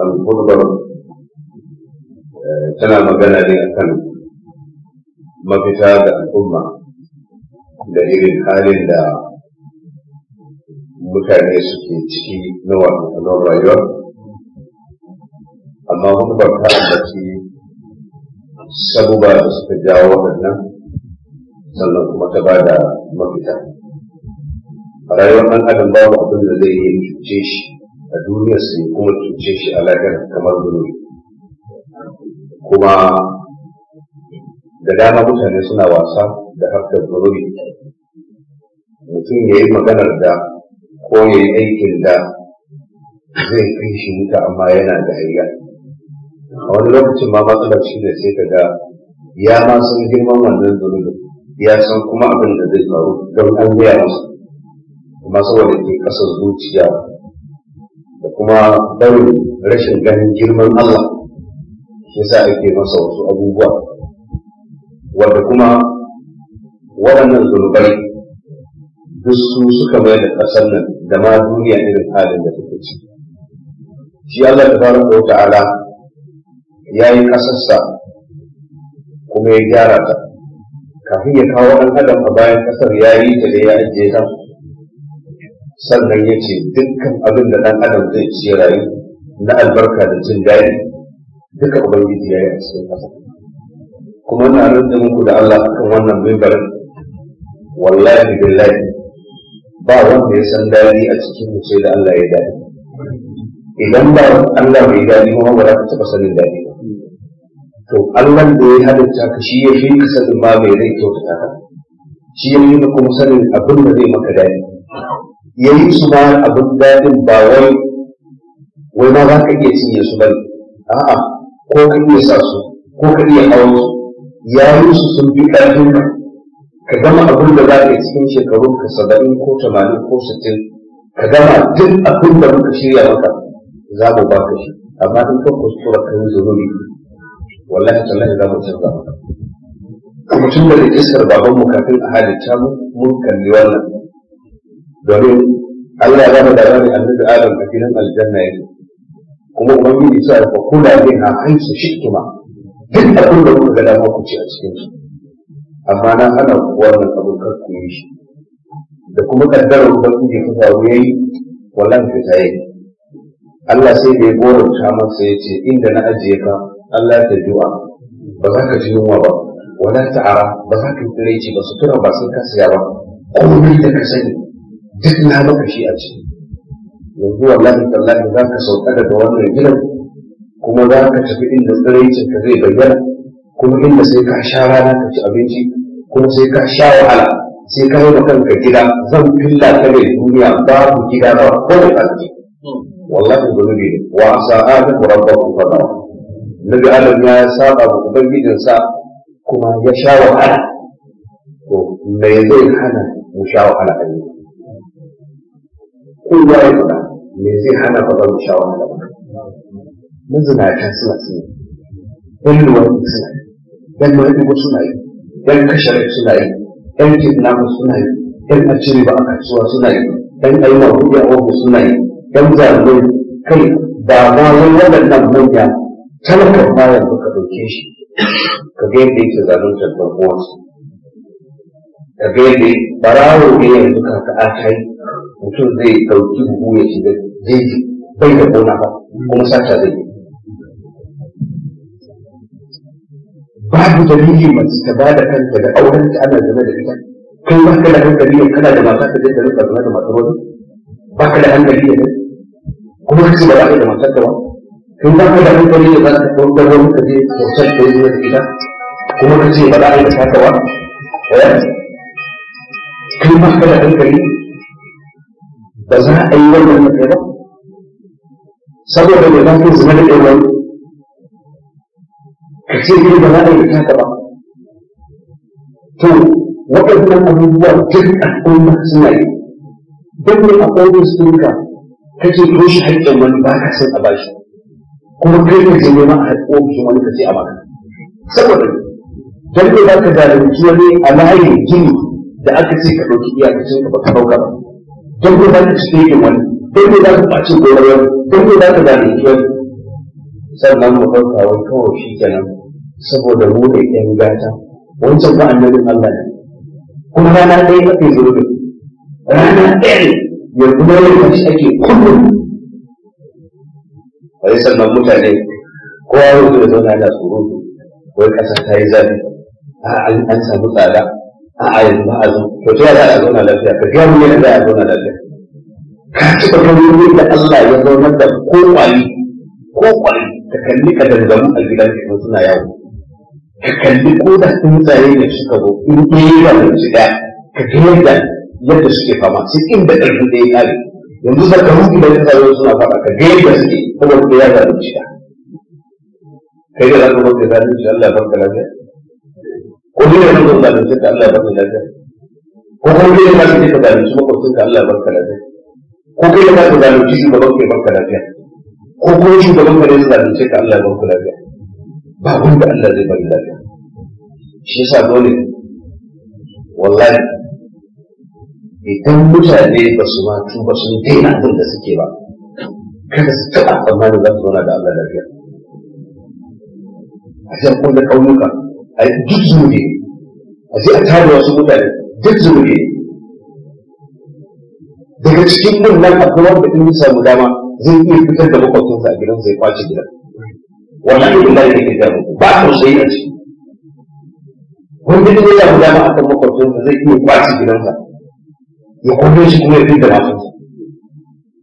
al eh, tana magana ne akan mafita da al'umma da irin halin da mutane suke ciki na wahalhalun rayuwa amma hukumar ta ambaci sabuba da suka jawo waɗannan sannan kuma ta ba da mafita a rayuwar ɗan adam babu abin da zai yi cuce shi a duniyar sai kuma cuce shi a lafiyar kamar zunubi kuma da dama mutane suna wasa da harkar zunubi mutum ya yi maganar da ko ya yi aikin da zai kai shi wuta amma yana da hayya a wani lokacin ma matsalar shi ne sai ka ga ya ma san girman wannan zunubin ya san kuma abin da zai faru don an biya masa kuma saboda ke kasar zuciya kuma barin rashin ganin girman Allah shi sa ake masa wasu abubuwa wanda kuma waɗannan zunubai duk su suka mai da ƙasar nan da ma duniya irin halin da take ciki shi Allah fara ko ta'ala ya yi ƙasarsa kuma ya gyara ta kafin ya kawo ɗan adam a bayan ƙasar ya yi ta da ya ajiye ta sannan ya ce dukkan abin da ɗan adam zai ci rayu na albarka da jin daɗi duka ubangiji ya yi a cikin ƙasa kuma na rinda muku da Allah kan wannan mimbarin wallahi billahi ba wanda ya san daɗi a cikin mu sai da Allah ya daɗi idan ba Allah bai daɗi kuma ba za ka taɓa sanin daɗi ba to Allah da ya halitta ka shi ya fi ka ma mai zai kyautata ka shi ya fi kuma sanin abin da zai maka daɗi ya yi su ma abin daɗin ba wai wai ma za ka iya cinye su bane a'a ko ka iya sa su ko ka iya hawan su ya yi su sun fi ƙarfin ka Ka gama abin da za ka yi cikin shekarun ka saba'in ko tamanin ko sittin ka gama duk abin da muka shirya maka za mu baka shi amma in ka kuskura kan zunubi wallahi tallahi za mu canza maka mutum da iskar babanmu kafin a halitta mu mun kalli wannan domin Allah ya bada da ne annabi Adam a cikin aljanna yake kuma ubangiji sa fa kula ne ha haisu shikima duk abin da kuka ga dama ku ci a cikin shi amma na hana ku wannan abin kar ku yi shi da kuma kaddarar ubangiji ka faru yayi wallan ku sai Allah sai da ya goranta masa ya ce inda na ajiye ka Allah ta juwa ba za ka ji yunwa ba wala ta'ara ba za ka yi tsiraici ba sutura ba sun kasaya ba komai da ka sani duk na maka shi a ciki yanzu wallahi tallahi za ka sauka daga wannan gidan kuma za ka tafi inda tsiraicin ka zai bayyana kuma inda sai ka sha rana ka ci abinci kuma sai ka sha wahala sai ka yi kanka gida zan filla ka da duniya babu gida ba ko da kanki wallahi zunubi ne wa asa adam rabbahu fada nabi adam ya saba ga ubangijinsa kuma ya sha wahala to me zai hana mu sha wahala a yau kowa ya faɗa me zai hana ba mu sha Mun gaba ta suna suna ɗan ruwa suna yi ɗan marigo suna yi ɗan kasharai suna yi ɗan kidnamu suna yi ɗan aciri ba a kasuwa suna yi ɗan ayyuka kuɗi a ofis suna yi ɗan zalimai kai ba ma wani waɗannan manya talakar bayan ba ka ɗauke shi ka ga yadda yake zaluntar ɗan ka ga yadda barawo ne yanzu ka ka ta yi mutum zai ɗauki buhu ya shiga jeji bai da gona ba kuma sata zai yi babu dalili mace ta da kanta da auren ta ana zama da ita kai ba ka da hankali ne kana da mata ka zai ka rika zama da matar wani ba ka da hankali ne kuma ka ce ba za ka da matar ka ba kai ba ka da hankali ne za ka ɗaukar wani ka zai kyautar da yi wata ita? kuma ka ce ba za ka yi da ba eh? kai ba ka da hankali ba za a yi wannan mafi ba saboda da lafiya zama da ɗaya wani ka ce ne ba za a yi taka ba to waɗannan abubuwa duk al'umma suna yi duk ne akwai wasu duka kake toshe haƙƙin wani ba ka san a bashi kuma kai ka je neman a haƙƙin wani ka ce a baka saboda don ne ba ka zalunci wani a layin gini da aka ce ka ɗauki iyakacin ka ba ka ɗauka ba don ko za ka ci wani don ko za ka ɓaci gobe wani don ko za ka zalunci wani sannan mu farka wai kawai shi kenan saboda mu da ƴan gata wancan ba annabin Allah ne kuma rana ɗaya ake zurbin rana ɗaya ne yanzu na yau shi ake kullum wai sannan mutane kowa yau da zauna yana tsoro wai ƙasar ta yi zafi a an samu tsada a yanzu zo, to ta za a zauna lafiya ka gaya mun yadda a zauna lafiya ka ci ka gani da Allah ya zaunar da ko kwali ko kwali ka kalli ka dangamu a gidan ka suna yawo ka kalli ko da tsuntsaye ne suka zo in dai ba mu shiga ka ga yadda yadda suke fama sai inda ƙarfi da ya kare yanzu za ka zakaru idan tsuntsaye suna fama ka ga yadda suke saboda ya zaɓi shiga kai da za ka mutu da zaɓi shi Allah ya barka lafiya ko dai yana nan zalunci ka Allah ya baka lafiya ko kuma dai yana nan ka zalunci makwabcin ka Allah ya baka lafiya ko kai yana ka zalunci shugaban ka ya lafiya ko kuma shugaban ka ne ya ka Allah ya baka lafiya ba wanda Allah zai baka lafiya shi yasa dole wallahi idan mutane ba su ma ba sun daina abin da suke ba kada su taɓa tsammanin za su zauna da Allah lafiya a can kun da ƙauyuka a duk zunubi a sai a tare wasu mutane duk zunubi daga cikin wannan akwai wanda in samu dama zai iya fitar da makwabcinsa a gidan zai kwace gidan wannan irin da yake da ba tausayi a ciki wanda in ya samu dama akan makwabcinsa zai iya kwace gidansa ya kwace shi kuma ya fitar da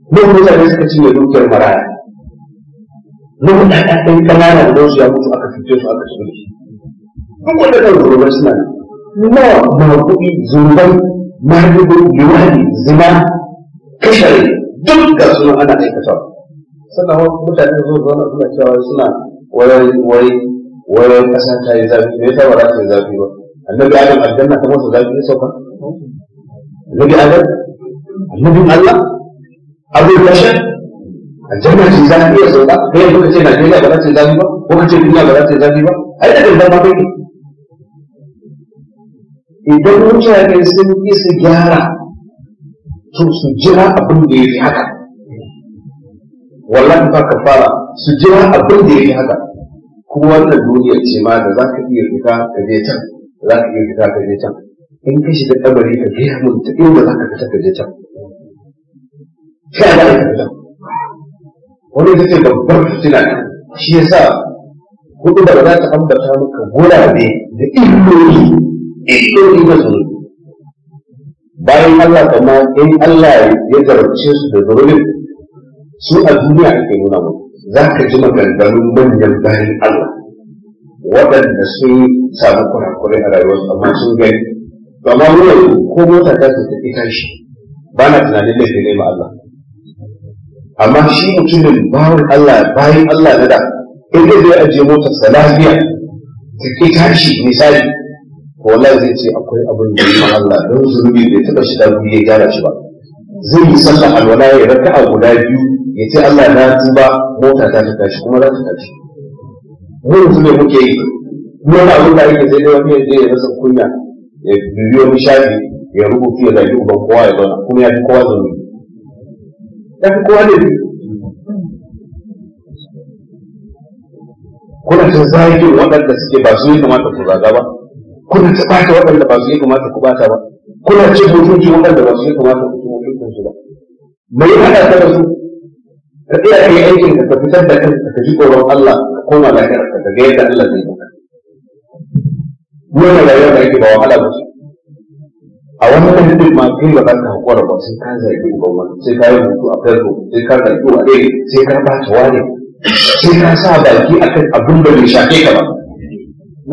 Nuhu nan mutane suka cinye dukiyar maraya nan ɗan ƙanana da su ya mutu aka fice su aka shiga shi duk wanda kan zurubai suna nawa ba kuɗi zurubai mahaifin liwani zina kashare duk ga suna ana aikata sannan mutane zo zauna suna cewa suna wai wai wai ƙasa ta yi zafi me yasa ba za ta yi zafi ba annabi adam aljanna ta masa zafi ne sauka annabi adam annabi allah abin bashar aljanna ce zafi ya sauka kai yanzu ka ce najeriya ba za ta yi zafi ba ko ka ce duniya ba za ta yi zafi ba ai da dandan ba kai idan mutane sun ƙi su gyara to su jira abin da ya fi haka wallan ba ka fara su jira abin da ya fi haka kuma wannan duniyar ce ma da za ka iya fita ka je can za ka iya fita ka je can in ka shiga kabari ka gaya mun ta inda za ka fita ka je can ta yana ka fita wani ita ce babbar fitina shi yasa hudu da za ta ambata maka gurabe da illoli illoli na zunubi bayan Allah kuma in Allah ya zarce su da zunubin su a duniya ake nuna mu za ka ji maganganun manyan bayan Allah waɗanda sun samu kurakurai a rayuwarsu amma sun gani to amma mu yanzu ko mota ta ta tafi tashi ba na tunanin da ne ma Allah amma shi mutumin bawan Allah bayan Allah na da in zai ajiye motar sa lafiya ta tashi misali wallahi zai ce akwai abin da ya Allah don zunubi bai taba shi da ya gyara shi ba zai yi sallah alwala ya a guda biyu ya ce Allah na tuba mota ta tuka shi kuma za ta tashi mu yanzu ne muke yi kuma ba abin da ake sai dai wani ya je ya rasa kunya ya biyo mu shafi ya rubuta ya zagi uban kowa ya zauna kuma ya fi kowa zunubi ya fi kowa ne kuna ta zagin waɗanda suke ba su yi kamata ku zaga ba kuna ta ɓata waɗanda ba su yi kamata ku ɓata ba kuna ce mutunci waɗanda ba su yi kamata ku ci mutuncinsu ba me ya haɗa ka da su ka tsaya ka yi aikin ka ka fitar da kanka ka ji tsoron Allah ka koma lafiyar ka ga yadda Allah zai maka wannan rayuwar da ake ba wahala ba a wannan hidin ma kai ba za ka haƙura ba sai ka zage ba ma sai ka yi hutu a facebook sai ka zage wa ɗaya sai ka bata wane sai ka sa baki akan abin da bai shafe ka ba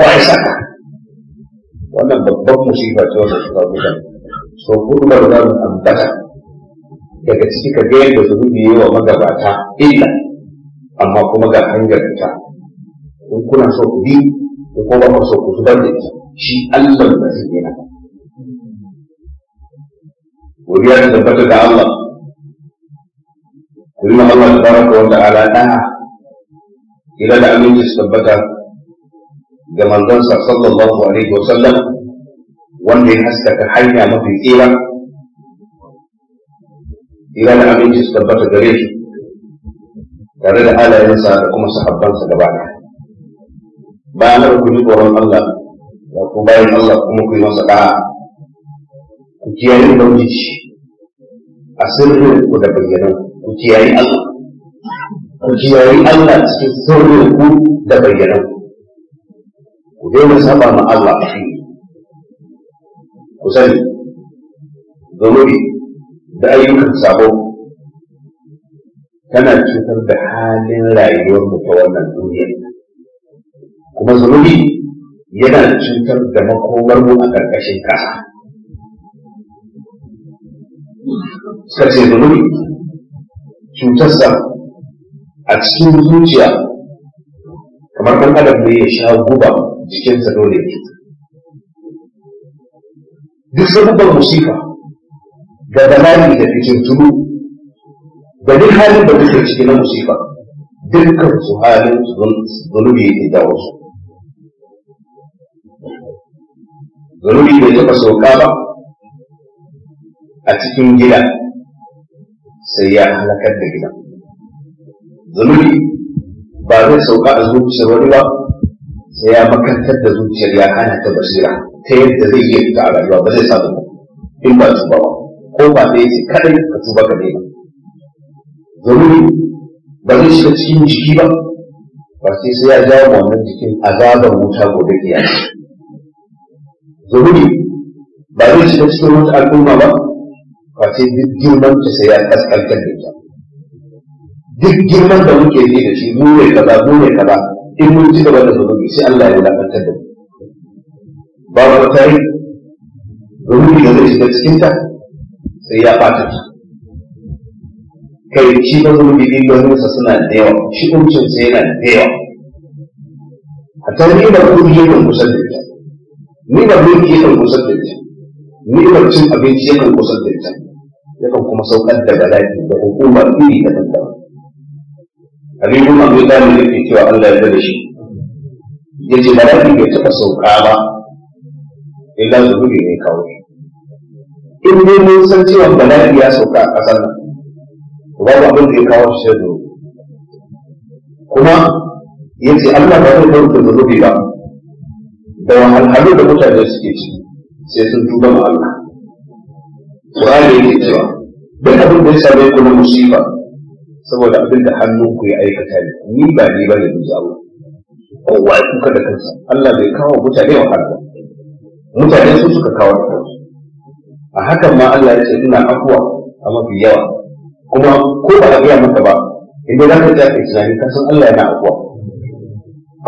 wa ya saka wannan babban musifa ce wannan suka buga so ba da mu ambata daga ciki ka ga yadda rubi yi wa magabata illa amma kuma ga hanyar fita in kuna so ku bi ko kuma ba so ku zubar da ita shi Allah ba zai yi haka wuriya da tabbata da Allah Inna Allah tabaraka wa ta'ala da'a ila da aminci tabbata ga manzonsa sallallahu alaihi wasallam wanda ya haskaka hanya mafi tsira ira da aminci su tabbata gare shi tare da halayensa da kuma sahabbansa gaba ɗaya bayan haka ku ji tsoron Allah da ku bayan Allah kuma ku yi masa da'a ku kiyaye ubangiji a sirrin ku da bayyanan ku kiyaye Allah ku kiyaye Allah cikin sirrin ku da bayyanan ku ku daina saba ma Allah ku sani zunubi da ayyukan sabo tana cutar da halin rayuwar mu ta wannan duniya kuma zunubi yana cutar da makomar mu a ƙarƙashin ƙasa sarce zunubi cutarsa a cikin zuciya kamar ɗan adam ne ya sha guba jikinsa dole ne duk sabubban musifa da bala'i da fitintunu da duk halin da kuke ciki na musifa dukkan su halin zunubi yake dawo su zunubi bai taɓa sauka ba a cikin gida sai ya halakar da gida zunubi ba zai sauka a zuciyar wani ba sai ya makantar da zuciyar ya hana ta basira ta yadda zai iya fita a rayuwa ba zai samu in ba tuba ba ko ba zai ce kadai ka tuba ka daina domin ba zai shiga cikin jiki ba ba sai sai ya jawo wannan jikin azabar wuta gobe kiyasi domin ba zai shiga cikin wata al'umma ba ba sai duk girman ta sai ya kaskantar da ita duk girman da muke ji da shi mu ne kaza mu ne kaza in mun ci gaba da zunubi sai Allah ya lalata da mu babu ta yi zunubi da zai shiga cikinta sai ya ɓata ta kai shi ba zunubi din ganinsa suna da yawa shi kuncin sai yana da yawa a tarihi da kuɗi kan kusan da ita ni da mulki yakan kusan da ita ni da cin abinci yakan kusan da ita yakan kuma saukar da bala'i da hukumar iri da daban Abin Ali ibn Abi Talib yake cewa Allah ya da shi yace malaki bai taɓa sauka ba illa zuhuri ne kawai in dai mun san cewa malaki ya sauka a ƙasar nan babu abin da ya kawo shi sai zuhuri kuma yace Allah ba zai kawo zuhuri ba da wahalhalu da mutane suke ci sai sun tuba ma Allah Qur'ani yake cewa duk abin da ya same kuma na musiba saboda abin da ku ya aikata ne ni ba ni ba ne ku zawo kowa ya kuka da kansa Allah bai kawo mutane wa Allah mutane su suka kawo da kansu a hakan ma Allah ya ce ina afuwa a mafi yawa kuma ko ba a iya maka ba idan za ka ji ake tunani ka san Allah yana afuwa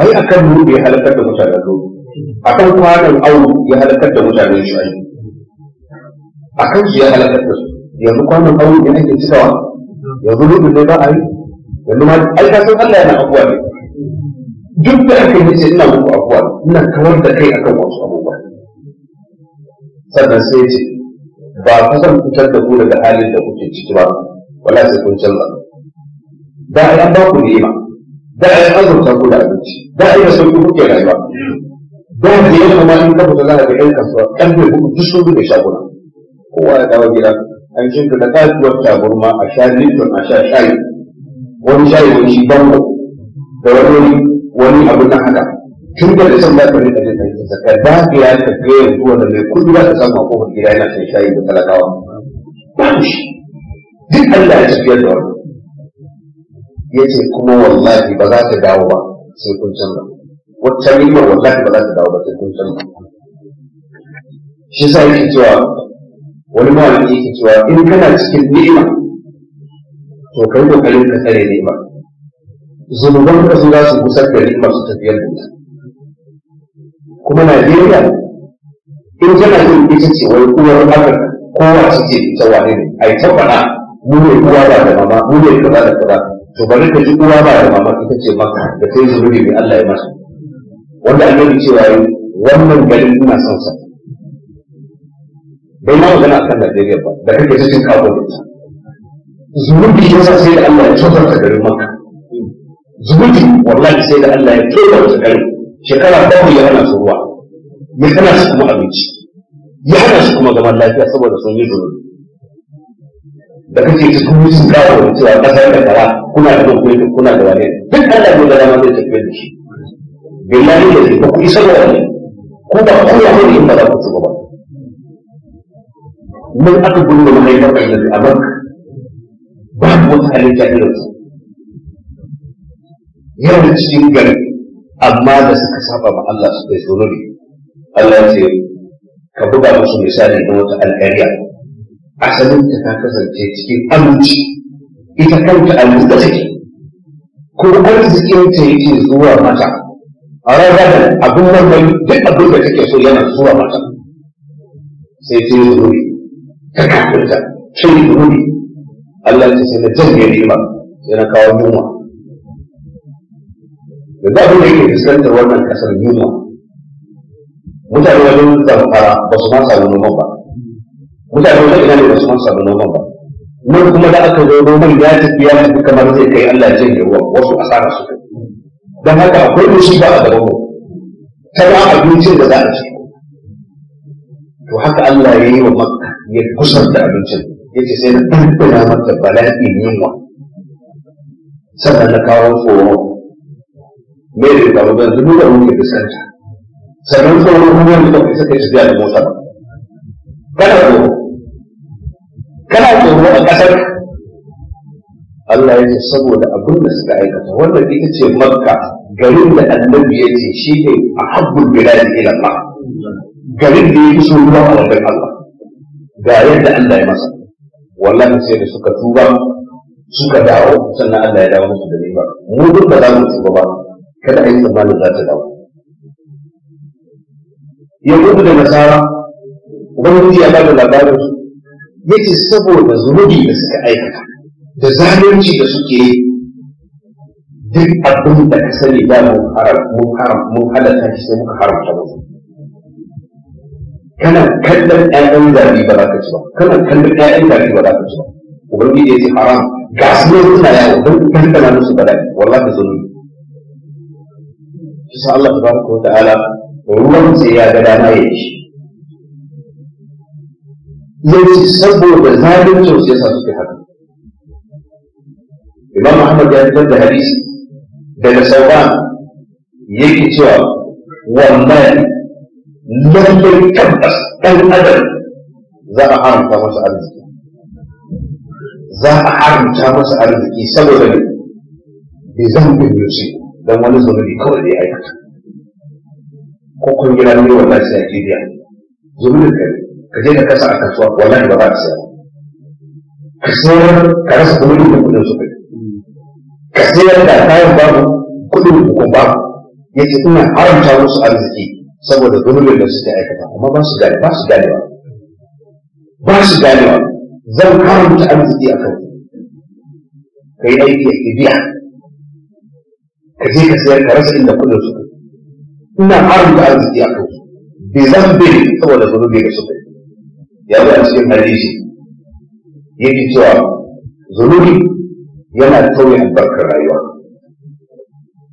ai akan mu ya halakar da mutanen ko akan kwanan auru ya halakar da mutanen ai akan shi ya halakar da su yanzu kwanan auru ne ake cikawa yanzu rubin ne ba a yi yanzu ma ai ka san Allah yana abuwa ne duk da aka yi ce ina muku abuwa ina kawar da kai akan wasu abubuwa sannan sai ce ba ku zan fitar da ku daga halin da kuke ciki ba wala sai kun canza da ai an ba ku ni'ima da ai an azurta ku da abinci da ai da sauki kuke rayuwa da da yamma ma in ka fita za ka ga ɗan kasuwa ƙarfe uku duk sun bude shaguna kowa ya dawo gida an shirka da kasuwar taburma a sha lifton a sha shayi wani shayi wani shi bango da wani wani abu na hada tun da da san zaka rika jin kanka ka yi ya ka ga yanzu wanda mai kudi za ka samu kofar gida yana shan shayi da talakawa duk Allah ya tafiyar da wani ya ce kuma wallahi ba za ta dawo ba sai kun canza wata ni'imar wallahi ba za ta dawo ba sai kun canza shi sa yake cewa wani malami yake cewa in kana cikin ni'ima to kai kokarin ka tsare ni'ima zunuban ka su za su kusa da ni'ima su tafi da ita kuma Najeriya in kana yin ita ce wai uwar Afirka kowa su ce ta wane ne a yi tabbana mu ne uwa ba da mama mu ne kaza da kaza to bari ka ji uwa ba da mama ita ce maka da ta yi zunubi mai Allah ya masa wanda annabi cewa wannan garin ina son sa bai ma magana akan zai ba da kake cikin kafin ita zunubi ya sa sai da Allah ya tsotar ta garin maka zunubi wallahi sai da Allah ya tsotar ta garin shekara bakwai ya hana su ruwa ya hana su kuma abinci ya hana su kuma zaman lafiya saboda sun yi zunubi da kake cikin mutum kawo da cewa kasar da kara kuna da nan kuma kuna da wani duk Allah ne da dama zai tafiya da shi billahi da shi ba ku isa da wani ko ba kowa ne in ba za ku ci ba mun aka gudu da mahaifar annabi a banka mu wata halitta irinsa yana cikin gari amma da suka saba ma Allah su kai zururi Allah ya ce ka buga musu misali na wata alƙarya asalin ta ta kasance cikin aminci ita kanta a da take ko arzikin ta yake zuwa mata a da abin marmari duk abin da take so yana zuwa mata sai ta yi zururi ka kafirta kai zunubi Allah ya ce na janye ni'ima sai na kawo yunwa da za da yake fuskantar wannan kasar yunwa mutane wajen zamfara ba su ma samu noman ba mutane wajen ina ne ba su ma samu noman ba mun kuma da aka zo noman ya tafi ya tafi kamar zai kai Allah ya janye ruwa wasu asara su kai don haka akwai ba a gaba mu ta ba abincin da za a ci to haka Allah ya yi wa maka. ya kusanta abincin ya ce sai na ɗanɗana mata bala'i yunwa sannan na kawo tsoro me da gaba ban zubu da muke fuskanta sannan tsoro kuma da kuma isa kai su da motsa ba. kana tsoro kana tsoro a ƙasar Allah ya ce saboda abin da suka aikata wanda ita ce makka garin da annabi ya ce shi ne a habbul biladi ila Allah garin da ya fi so ruwa a wajen Allah ga yadda Allah ya masa wallahi sai da suka tuba suka dawo sannan Allah ya dawo musu da riba mu duk ba za mu tuba ba kada a yi tsammanin za ta dawo yahudu da nasara ubangiji ya bada labarin su ce saboda zunubi da suka aikata da zalunci da suke yi duk abin da ka sani da mun haram shi sai muka haramta musu kana kallon ƴaƴan zabi ba za ka ci ba kana kallon ƴaƴan zabi ba za ka ci ba ubangiji ya ce haram ga su ne suna yawo don kankana musu bala'i wallahi zulmi kisa Allah tabaraka wa ta'ala ruwan sai ya ga dama ya ci yanzu saboda zalincin su yasa suke haka Imam Ahmad ya fitar da hadisi daga sauran yake cewa wallahi lallai tabbas ɗan adam za a haramta masa arziki za a haramta masa arziki saboda ne bai zan bin yusi don wani zunubi kawai da ya aikata ko kun gina ne wannan sai ake biya zunubin ka ne ka je ka kasa a kasuwa wallahi ba za ka sayar ka sayar ka rasa kuɗin da kuɗin su ka sayar da kayan babu kuɗin hukun babu yace ina haramta musu arziki saboda zunubin da suke aikata amma ba su gane ba su ganewa ba su ganewa zan haramta arziki a kan ka yi aiki a biya ka je ka sayar ka rasa inda kudin su ina haramta arziki a kan bi zan bin saboda zunubi da suka ya zo a cikin hadisi yake cewa zunubi yana tauye albarkar rayuwa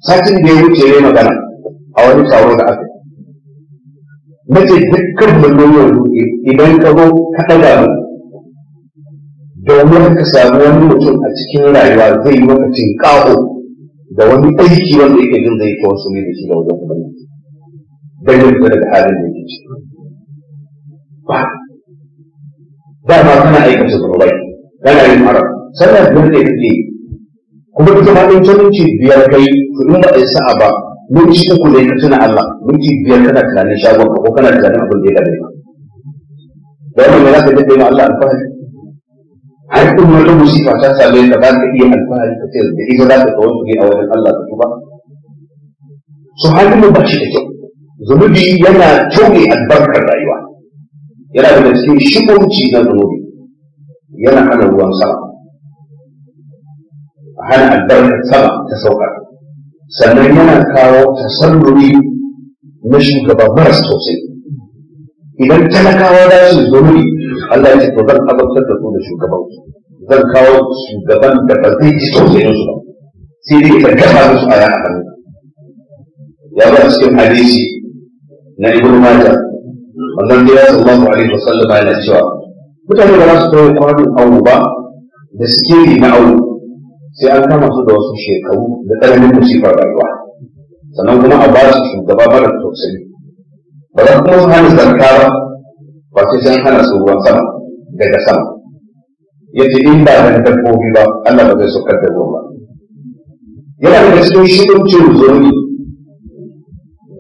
satin da ya wuce ne magana a wani taron da aka na ce dukkan mallon yanzu idan ka zo ka ɗaga mu domin ka samu wani mutum a cikin rayuwa zai yi maka tinƙaho da wani aiki wanda yake jin zai kawo su ne da shi da wajen ubangiji don yin fita daga halin da yake ciki ba dama kana aikata zunubai kana yin haram sannan da ne kake kuma ita ma ɗin biyar kai to in ba sa'a ba minti uku ne ka tuna Allah mun ci biyar kana tunanin shagon ka ko kana tunanin abin da ya gane ka da wannan ya zaka daɗe ma Allah alfahari an kuma wata musifa ta same ka ba ka iya alfahari ka ce da ita za ka kawo su ne a wajen Allah ka tuba su halin ba shi da kyau zunubi yana tauye albarkar rayuwa yana da cikin shigunci na zunubi yana hana ruwan sama a hana albarkar sama ta sauka sannan yana kawo tasarruri na shugaba maras tausayi idan talakawa za su zo wuri Allah ya ce to zan azabtar da su da shugaban zan kawo shugaban da ba zai ji tausayin su ba sai dai ka gama musu a yana hannu ya ba cikin hadisi na ibn mata wannan da ya sallallahu alaihi wasallam yana cewa mutane ba za su kawo kwanin awo ba da sikiri na awo sai an kama su da wasu shekaru da ƙaramin musifar rayuwa sannan kuma a ba su shugaba mara tausayi ba za kuma su hana zarka ba ba sai sun hana su ruwan sama daga sama ya ce in ba da dabbobi ba Allah ba zai saukar da goma. ba yana da cikin cin zunubi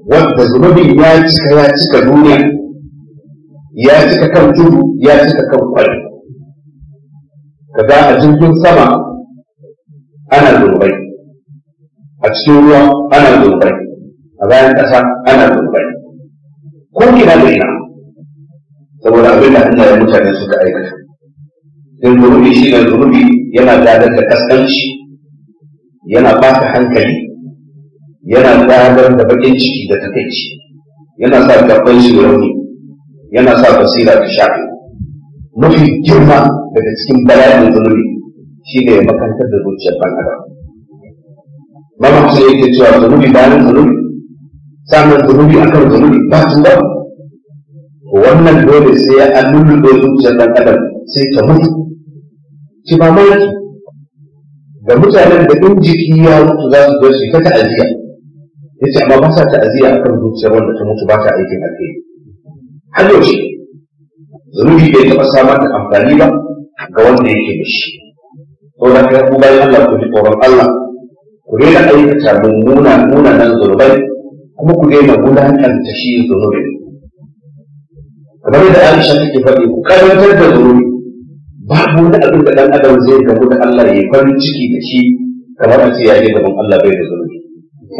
wanda zunubin ya cika ya cika duniya ya cika kan tudu ya cika kan kwari kaga a jirgin sama ana zunubai a cikin ruwa ana zunubai a bayan ƙasa ana zunubai ko kina da ina saboda abin da Allah ya mutane suka aikata in zunubi shi ne zunubi yana gadar da kaskanci yana ba ka hankali yana gadar da bakin ciki da takaici yana sa gaban shi rauni yana sa basira ta shafe mafi girma daga cikin bala'in zunubi shi ne ya makantar da zuciyar ɗan adam sai yake cewa zunubi bayan zunubi sannan zunubi akan zunubi ba su ba wannan dole sai ya allulu da zuciyar ɗan adam sai ta mutu ki ba yake. Da mutanen da in jiki ya mutu za su zo su ta ta'aziyya ya ce amma ba sa ta'aziyya akan zuciyar wanda ta mutu ba ta aikin alheri har zunubi bai taɓa samar da amfani ba ga wanda yake da shi sauran ka ku bayan Allah ku ji tsoron Allah ku daina aikata mummuna munanan zunubai kuma ku daina wulakanta shi zunubi kamar da Aisha take faɗi ku karantar da zunubi babu wani abin da ɗan adam zai gamu da Allah ya farin ciki da shi kamar a ce ya je gaban Allah bai da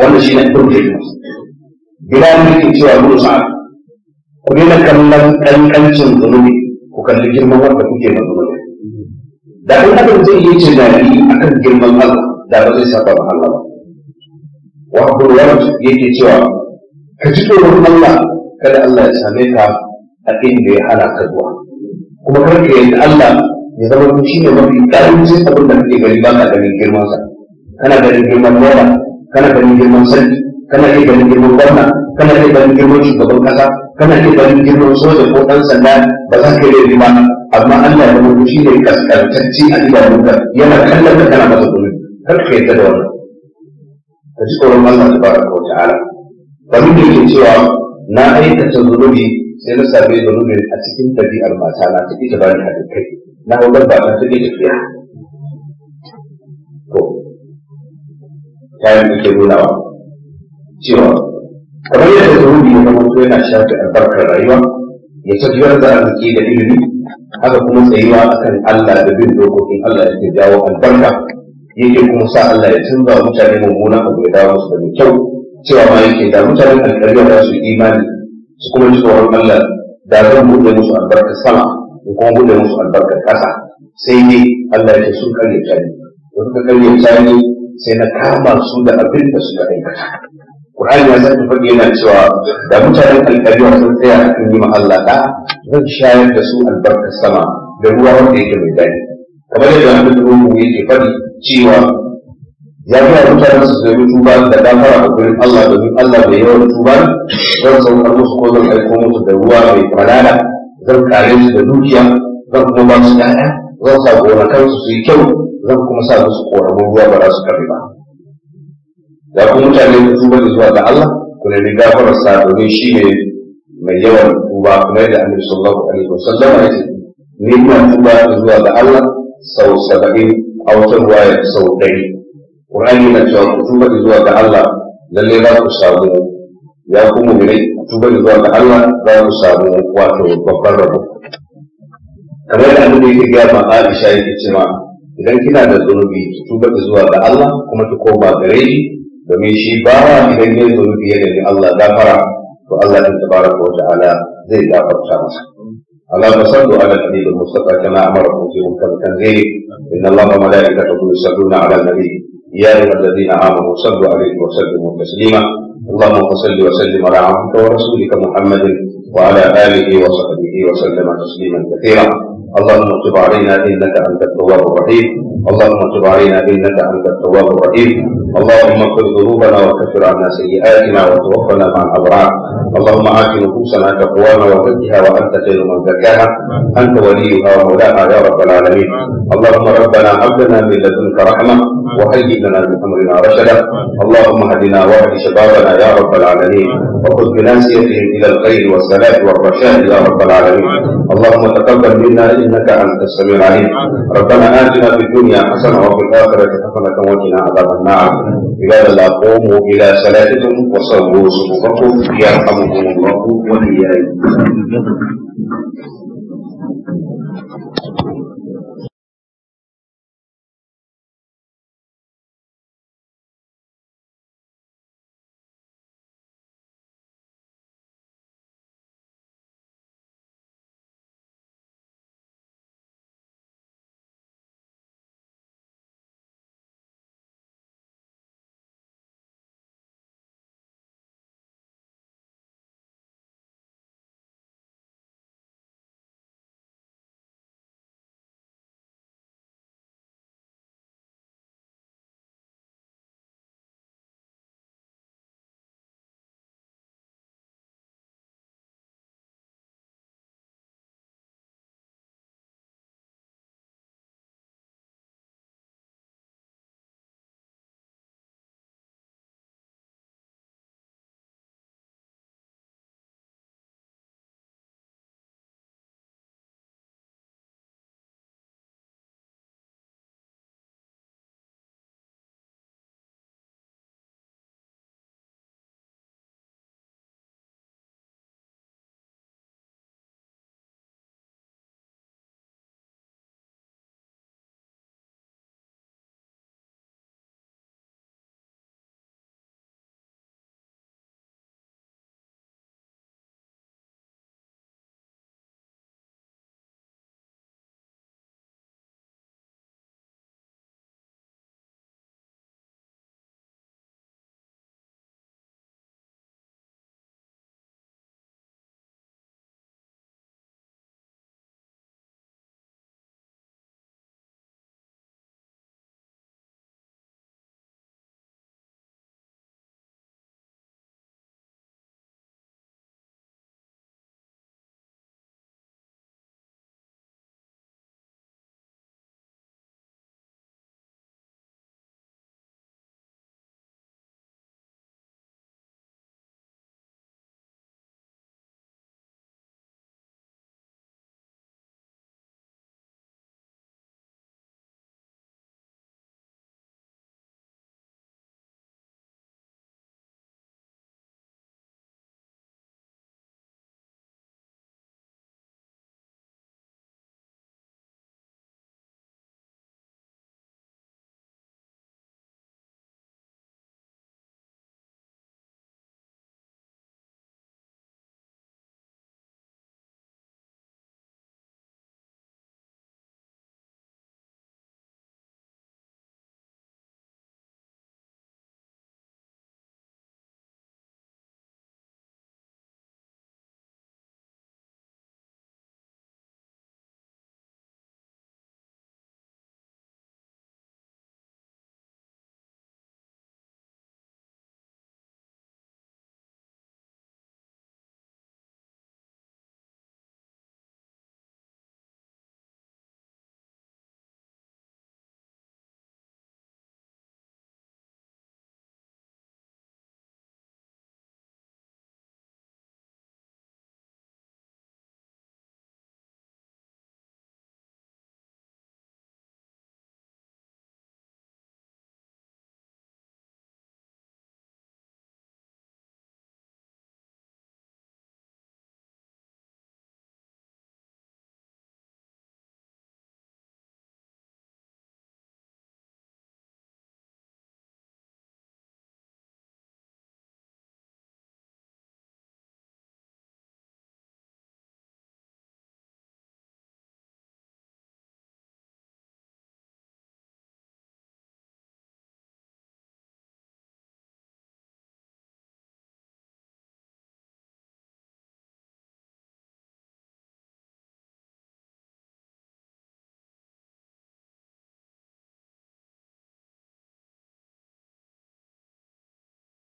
Wanda shi zunubi wannan shine kurje bilal ke cewa musa ku daina kallon ƙanƙancin zunubi ku kalli girman wanda kuke na zunubi da abin adam zai yi tunani a kan girman Allah da ba zai saba ba Allah ba wa Abdulrahman yake cewa ka ji tsoron Allah kada Allah ya same ka a inda ya hana ka zuwa kuma karka ka Allah ya zama ku shi ne mafi ƙarancin abin da kake gani ba ka ganin girman sa kana ganin girman gwamna kana ganin girman sarki kana ganin girman gwamna kana ganin girman shugaban ƙasa kana ke ganin girman soja ko ɗan sanda ba za ka yi ba amma Allah ya mutu shi ne kaskantacce a idanunka yana kallon ka kana masa gumi kar ka yarda da wannan ka ji tsoron Allah tabaraka wa Ba mu da yake cewa na aikata zunubi sai na same zunubi a cikin ɗabi'ar mata na ta ita bani hadin kai na hau dabba ta ta tafiya. Ko. Ta kayan da ke nunawa cewa kamar yadda zunubi na mutu to yana shafi albarkar rayuwa ya tafiyar da arziki da ilimi haka kuma tsayuwa akan Allah da bin dokokin Allah yake jawo albarka yake kuma sa Allah ya canza mutane mummuna abu ya dawo musu da mai kyau cewa ma yake da mutane alƙarya da su imani su kuma ji tsoron Allah da zan buɗe musu albarkar sama in kuma buɗe musu albarkar ƙasa sai ne Allah ya ce sun karya ta ni da suka karya ta sai na kama su da abin da suka aikata Qur'ani ya saki faɗi yana cewa da mutanen alƙarya sun tsaya a kan yima Allah da zan shayar da su albarkar sama da ruwa wanda yake mai daɗi kamar yadda Annabi Nuhu yake faɗi cewa ya gaya mutanen su zai tuba da gafara a gurin Allah domin Allah bai yawan tuba zan saukar musu ko zan aiko musu da ruwa mai falala zan kare su da dukiya zan kuma ba su ɗaya zan sa gonakansu su yi kyau zan kuma sa musu ƙoramin ruwa ba za su karɓi ba da kuma mutane ku tuba da zuwa ga Allah ku ne da riga farasa domin shi ne mai yawan tuba kuma da annabi sallallahu alaihi wasallam ya ce ni ina tuba da zuwa ga Allah sau 70 a wata ruwaya sau 100 Qur'ani na cewa ku tuba da zuwa ga Allah lalle za ku samu ya kuma mu ne tuba da zuwa ga Allah za ku samu wato babbar rabo kamar da annabi yake gaya ma Aisha yake cewa idan kina da zunubi ki tuba da zuwa ga Allah kuma ki koma gare shi domin shi bawa idan ya zo ya da Allah gafara to Allah ta tabaraka wa ta'ala zai gafarta masa ألا تصلوا على النبي المصطفى كما أمركم في منكر التنزيل إن الله وملائكته يصلون على النبي يا أيها الذين آمنوا صلوا عليه وسلموا تسليما اللهم صل وسلم على عبدك ورسولك محمد وعلى آله وصحبه وسلم تسليما كثيرا اللهم اكتب علينا إنك أنت التواب الرحيم اللهم تب علينا انك انت التواب الرحيم اللهم اغفر ذنوبنا وكفر عنا سيئاتنا وتوفنا مع الابرار اللهم ات نفوسنا تقوانا وزكها وانت خير من زكاها انت وليها ومولاها يا رب العالمين اللهم ربنا عبدنا من لدنك رحمه وهيئ لنا بامرنا رشدا اللهم هدنا واهد شبابنا يا رب العالمين وخذ بناسيتهم الى الخير والصلاه والرشاد يا رب العالمين اللهم تقبل منا انك انت السميع العليم ربنا اتنا في الدنيا الدنيا حسنة وفي الآخرة حسنة كما وجنا عذاب النار عباد الله قوموا إلى صلاتكم وصلوا صفوفكم يرحمكم الله وإياكم